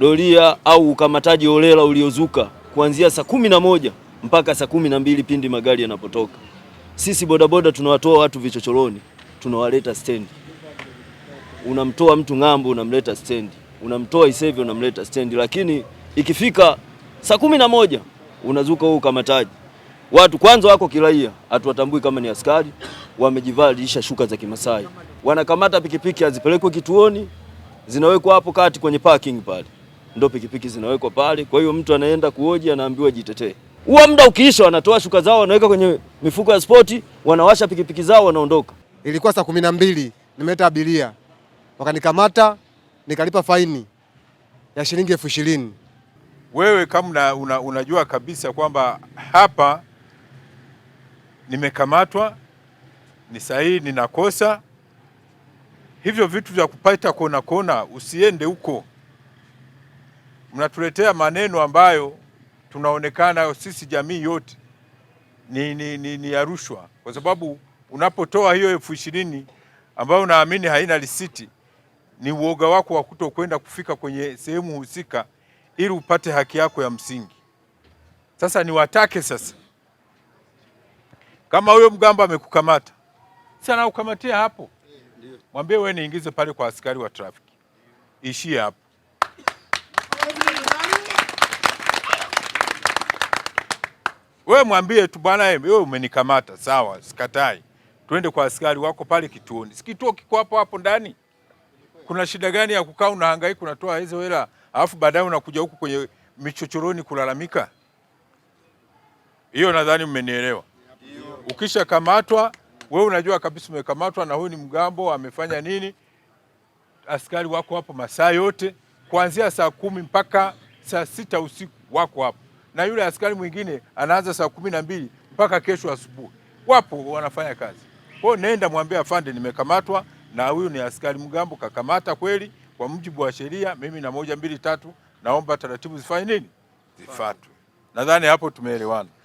doria au ukamataji holela uliozuka kuanzia saa kumi na moja mpaka saa kumi na mbili pindi magari yanapotoka. Sisi bodaboda tunawatoa watu vichochoroni, tunawaleta stendi. Unamtoa mtu ng'ambo, unamleta stendi, unamtoa Isevyo, unamleta stendi. Lakini ikifika saa kumi na moja unazuka huo ukamataji. Watu kwanza wako kiraia, hatuwatambui kama ni askari, wamejivalisha shuka za Kimasai, wanakamata pikipiki, hazipelekwe kituoni, zinawekwa hapo kati kwenye parking pale ndo pikipiki zinawekwa pale. Kwa hiyo mtu anaenda kuoji, anaambiwa jitetee. Huwa muda ukiisha, wanatoa shuka zao wanaweka kwenye mifuko ya spoti, wanawasha pikipiki zao, wanaondoka. Ilikuwa saa kumi na mbili nimeleta abiria, wakanikamata nikalipa faini ya shilingi elfu ishirini. Wewe kama una, unajua kabisa kwamba hapa nimekamatwa, ni sahihi, ninakosa hivyo vitu vya kupata kona kona, usiende huko mnatuletea maneno ambayo tunaonekana sisi jamii yote ni, ni, ni, ni ya rushwa, kwa sababu unapotoa hiyo elfu ishirini ambayo unaamini haina risiti, ni uoga wako wa kutokwenda kufika kwenye sehemu husika ili upate haki yako ya msingi. Sasa niwatake sasa, kama huyo mgambo amekukamata sana, ukamatia hapo, mwambie wewe niingize pale kwa askari wa trafiki, ishie hapo. Wewe mwambie tu bwana, wewe umenikamata sawa, sikatai, twende kwa askari wako pale kituoni. Sikituo kiko hapo hapo ndani, kuna shida gani ya kukaa unahangaika unatoa hizo hela alafu baadaye unakuja huku kwenye michochoroni kulalamika? Hiyo nadhani mmenielewa. Ukishakamatwa wewe unajua kabisa umekamatwa, na huyu ni mgambo amefanya nini. Askari wako hapo masaa yote kuanzia saa kumi mpaka saa sita usiku wako hapo na yule askari mwingine anaanza saa kumi na mbili mpaka kesho asubuhi. Wapo wanafanya kazi kwao, nenda mwambie afande, nimekamatwa na huyu ni askari mgambo, kakamata kweli kwa mujibu wa sheria, mimi na moja mbili tatu, naomba taratibu zifanye nini, zifuatwe. Nadhani hapo tumeelewana.